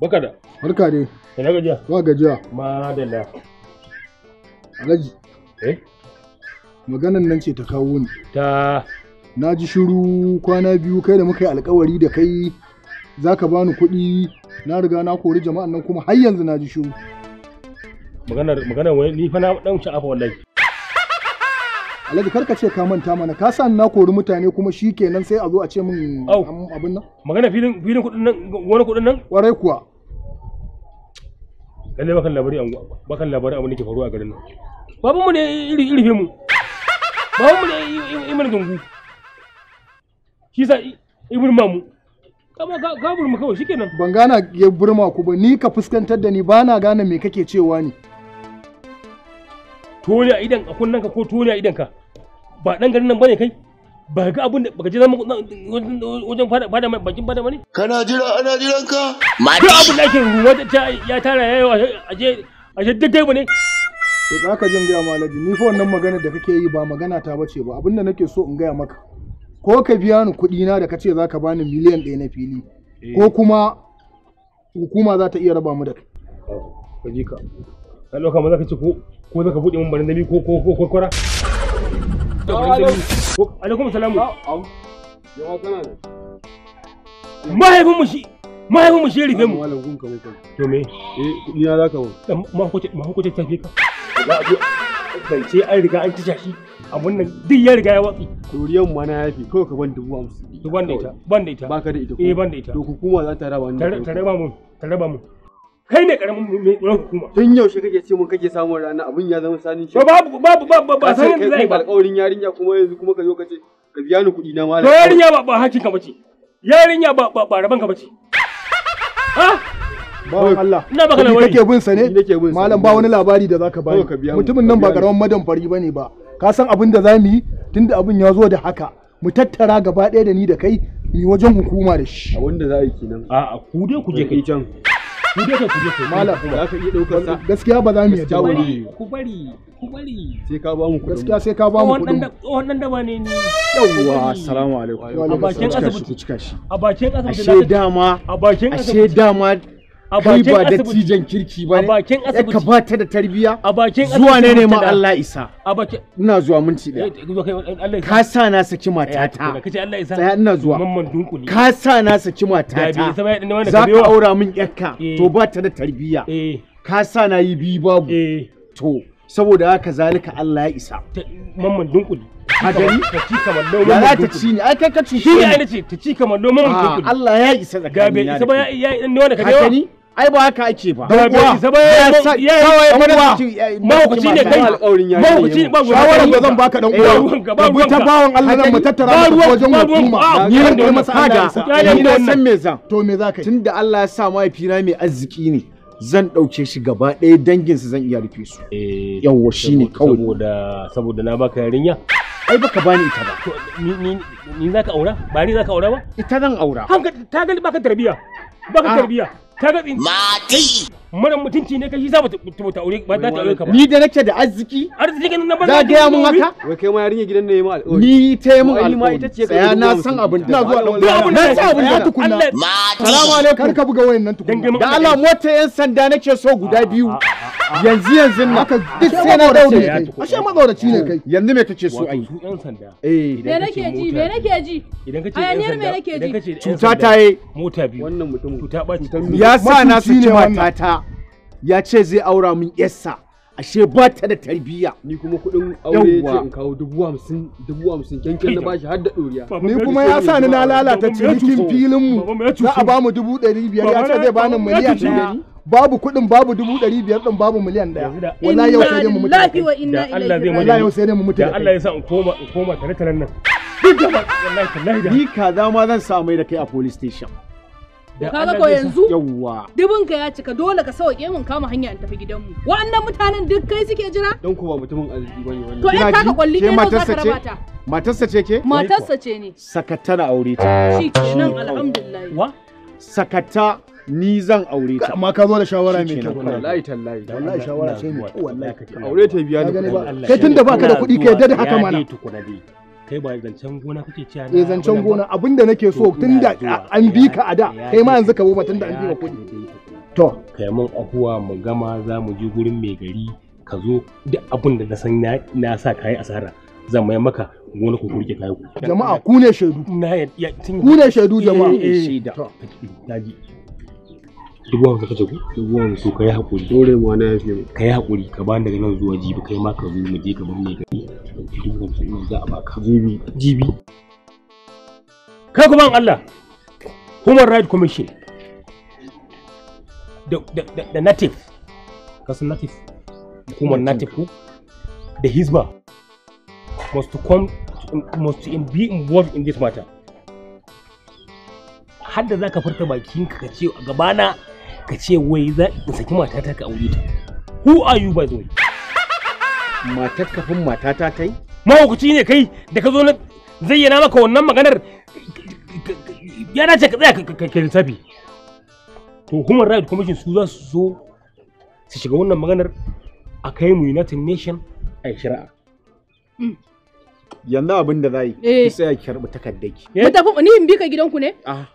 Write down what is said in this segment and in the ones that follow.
Baka da. Barka dai. Ina gajiya? Ba gajiya. Madalla. Alhaji. Eh? Maganan nan ce ta kawo ni. Ta. Na ji shiru kwana biyu kai da muka yi alkawari da kai za ka bani kuɗi na riga na kori jama'an nan kuma har yanzu na ji shiru. Maganar maganar wani ni fa na dan afa wallahi. alhaji karka ce ka manta mana ka sa na kori mutane kuma shi kenan sai a zo a ce min abin nan magana filin filin kudin nan wani kudin nan warai kuwa lalle bakan labari an bakan labari abin da ke faruwa a garin nan babu mu ne iri iri mu babu mu ne imin gungu shi sa ibn mamu ka gabur mu kawai shikenan ban gana ya burma ku ba ni ka fuskantar da ni ba na gane me kake cewa ne tone a idan a kunnen ka ko tone a idan ka ba dan garin nan bane kai ba ga abin da baka jira wajen fada fada mai bakin fada bane kana jira ana jiran ka duk abin da ake ruwa ya tara yayo aje aje duk kai bane to za ka jin gaya malaji ni fa wannan magana da kake yi ba magana ta bace ba Abin da nake so in gaya maka ko ka biya ni kuɗi na da kace za ka bani miliyan ɗaya na fili ko eh. kuma hukuma za ta iya raba mu da kai ka ji ka ka ɗauka ma za ka ci ko ko za ka buɗe barin dami ko ko ko kwarkwara. alaikum salamu. mahaifinmu shi mahaifinmu shi rufe mu. to me. eh kuɗi za ka mu. mahaukacin tafi ka. bai ce an riga an tisha shi a wannan duk ya riga ya watsi doriyan ma na yafi kawai ka ban dubu hamsin ban da ita ban da ita baka da ita eh ban da ita to hukuma za ta raba ni ta raba mun ta raba mun kai ne karamin mai tsoron hukuma tun yaushe kake ce mun kake samun rana abin ya zama sanin shi babu babu babu ba sai kai zai ba alƙawarin yarinya kuma yanzu kuma ka zo ka ce ka biya ni kuɗi na malam yarinya ba ba hakin ka bace yarinya ba ba ba raban ka bace ha ba Allah ina baka labari kake bin sa ne malam ba wani labari da zaka bani mutumin nan ba karamin madan fari bane ba ka san abin da zamu yi tunda abin ya zo da haka mu tattara gaba ɗaya da ni da kai mu wajen hukuma da shi a wanda za a yi kenan a'a ku dai ku je kai can ku je ka ku malam za ka iya daukar sa gaskiya ba za mu yadda ba ku bari ku bari sai ka ba mu kuɗin gaskiya sai ka ba mu ne ni assalamu alaikum a bakin asibiti a bakin asibiti dama a bakin ba dattijan kirki ba ne ya ka ba ta da tarbiya a bakin zuwa ne ne ma Allah isa a bakin ina zuwa minti daya eh, ka sa na saki matata eh, kace Allah isa tsaya ina zuwa ka sa na saki matata za ka aura min yakka eh. to ba ta da tarbiya ka sa na yi bi babu to saboda haka zalika Allah ya isa mamman dunkuli a gani ya za ta ci ne ai kai ka ci shi ne ai ce ta ci kamando noman ah. mutum Allah ya isa tsakani gabe isa ba ya yi ne wanda ka dewa gani ai ba haka ake ba gabe isa ba ya yi kawai mana mahukaci ne kai mahukaci ne ba guda shawara da zan baka dan uwa ba ruwan ta bawon Allah nan mu tattara mu wajen hukuma ni ran da masa Allah ni na san me zan to me za ka tunda Allah ya sa mahaifina mai arziki ne zan ɗauke shi gaba ɗaya danginsa zan iya rufe su. Eh, Yawwa shi ne kawai. Saboda na baka yarinya? ai baka bani ita ba ni ni zaka aura ba ni za ka aura ba ita zan aura ta gani baka tarbiya baka ah. tarbiya ta ga tsinci mati maran mutunci ne kai za ta aure ba za ta aure ka ba ni da nake da arziki arziki na ba za ga mun haka wai kai ma yarinya gidan ne ma ni ta yi mun alƙawari ya na san abin da zuwa dan na san abin da tukunna mati alaikum kar ka buga wayannan tukunna da Allah mota yan sanda nake so guda ah, biyu ah, yanzu yanzu na ka duk sai na daure ne kai ashe mazauraci ne kai yanzu me kace so ai su yan sanda eh me nake ji me nake ji idan kace yan sanda nake ji cuta ta yi mota biyu wannan mutum cuta ba ya sa na su ce matata ya ce zai aura min yassa ashe ba ta da tarbiyya ni kuma kudin aure ce in kawo dubu hamsin dubu hamsin kyankyan na bashi har da doriya ni kuma ya sa ni na lalata cikin filin mu za a bamu dubu ɗari biyar ya ce zai bani miliyan ɗaya babu kuɗin babu dubu ɗari biyar ɗin babu miliyan ɗaya wala yau sai ne mu mutu da Allah zai wala yau sai ne mu mutu da Allah ya sa in koma in koma tare tare nan duk da wallahi tallahi da ni kaza ma zan sa mai da kai a police station da kaga ko yanzu yawwa Dubun ka ya cika dole ka sauke mun kama hanya in tafi gidanmu wa'annan mutanen duk kai suke jira don ko ba mutumin arziki bane wannan to in ka kwalli ne za ka rabata. matarsa ce ke matarsa ce ne sakatana aure ta shi nan alhamdulillah wa sakata ni zan aure ta amma ka zo da shawara mai kyau wallahi tallahi wallahi shawara sai mai kyau wallahi ka aure ta biya ni kai tunda baka da kuɗi kai yadda da haka mana kai ba zancen gona kake cewa eh zancen gona abinda nake so tunda an bi ka a da kai ma yanzu ka bo tunda an bi ka kuɗi to kai mun ahuwa mu gama za mu je gurin mai gari ka zo duk abin da na san na sa kayi asara zan mai maka gona ku kurke kai ku jama'a ku ne shaidu ku ne shaidu jama'a eh, eh, eh, eh shaida to dubu hamsin kace ko dubu hamsin to kai hakuri dore mu na yafe mu kai hakuri ka bani daga nan zuwa jibi kai ma ka zo mu je ka bar ni gari dubu hamsin ne za a baka jibi jibi kai kuma Allah Human right Commission da da da native kasu native hukumar native ko da Hizba must to come must to be involved in this matter har da zaka furta bakinka ka ce a gabana ka ce wai za in saki matata ka aure ta who are you by the way matar kafin matata ta yi mahaukaci ne kai da ka zo na zayyana maka wannan maganar ya dace ka tsaya ka lissafi to human rights commission su za su zo su shiga wannan maganar a kai mu united nation a shari'a mm. yanzu abin da za yi eh. ki tsaya ki karɓi takardaki. Eh? Mu ni in bi ka gidanku ne? Ah.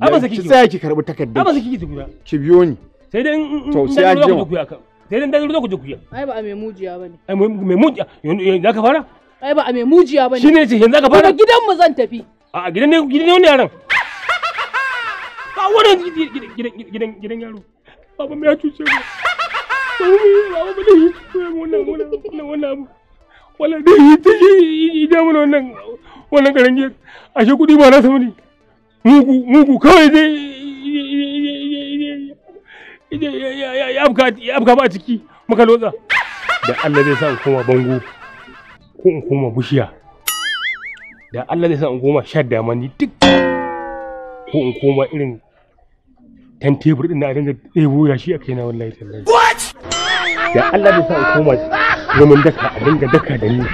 abasa kike ki tsaya ki karbi takardar abasa kike tukuya ki biyo ni sai dai to sai an je sai dai dan zo ku je ai ba a mujiya bane ai mai mujiya yanzu ka fara ai ba a mujiya bane shine ce yanzu ka fara gidan mu zan tafi a gidan ne gidan ne wani yaron ka wannan gidan gidan gidan yaro baba me ya mu baba me ya mu wannan wannan wannan abu dai yi wannan wannan ashe kudi ba na samu ne mugu mugu kawai dai ya abka ba a ciki muka lotsa da Allah zai sa in koma bango ko in koma bushiya da Allah zai sa in koma sha damani duk ko in koma irin tan tebur ɗin da a dinga ɗebo yashi a kaina wallahi tallahi da Allah zai sa in koma zaman daka a dinga daka da ni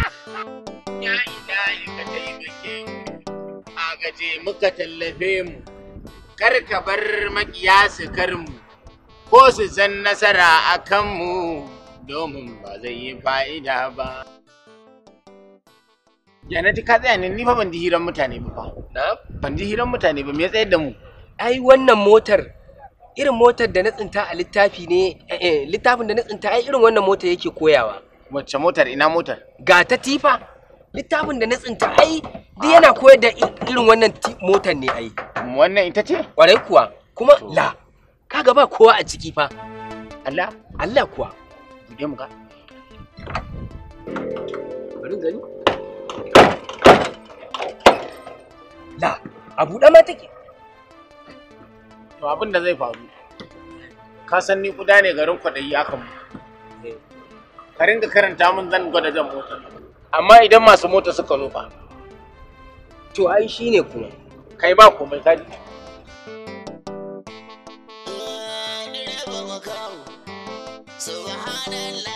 ka tallafe mu, kar ka bar maƙiya su karmu, ko su san nasara a kanmu domin ba zai yi fa'ida ba. Yana ka tsaya ne, ni fa ban ji hiran mutane ba. Na? Ban ji hiran mutane ba, me ya tsayar da mu? Ai wannan motar irin motar da na tsinta a littafi ne eh, eh, littafin da na tsinta ai irin wannan motar yake koyawa wacce motar ina motar ga ta tifa littafin da na tsinta ai duk yana koyar da irin wannan motar ne ai wannan ita ce kwarai kuwa kuma la kaga ba kowa a ciki fa Allah Allah kuwa je mu ka bari gani la a buɗe ma take to abin da zai faru ka san ni kuda ne garin kwaɗayi akan mu eh. ka ringa karanta min zan gwada jan mota. amma idan masu mota suka zo to ai shine kuma kai ba komai ka Subhanallah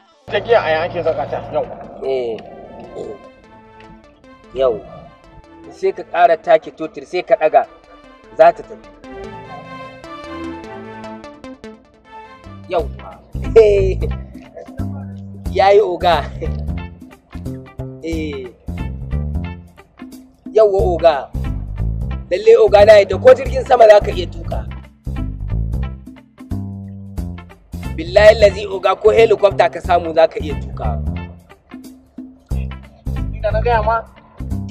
ta a yankin zakata yau eh. yau sai ka ƙara take totir sai ka ɗaga za ta tafi yau ya yi oga yau eh. yauwa oga lalle oga na yadda ko jirgin sama za ka iya tuka billahi lazi oga ko helicopter ka samu za ka iya tuka ina na gaya ma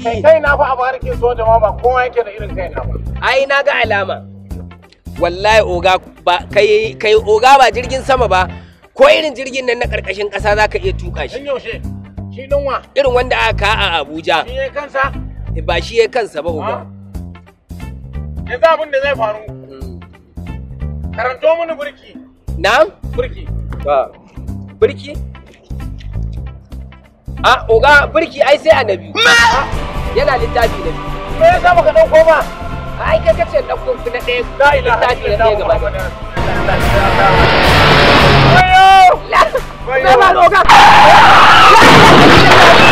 eh. kai na fa abu harkin soja ma ba kowa yake da irin kai na ba ai na ga alama wallahi oga ba kai kai oga ba jirgin sama ba ko irin jirgin nan na karkashin kasa za ka iya tuka shi yaushe shi dinwa irin wanda aka a Abuja shi ya kansa eh, ba shi ya kansa ba oga ah. yanzu abin da zai faru hmm. karanto mini burki na'am Birki. Ba. A ah, oga birki ai sai annabi. Ah, yana littafi na biyu. Me ya sa maka dauko ma? Ai kai kace dauko na ɗaya. La ilaha illallah Muhammadur Rasulullah. Wayo! Na ba oga.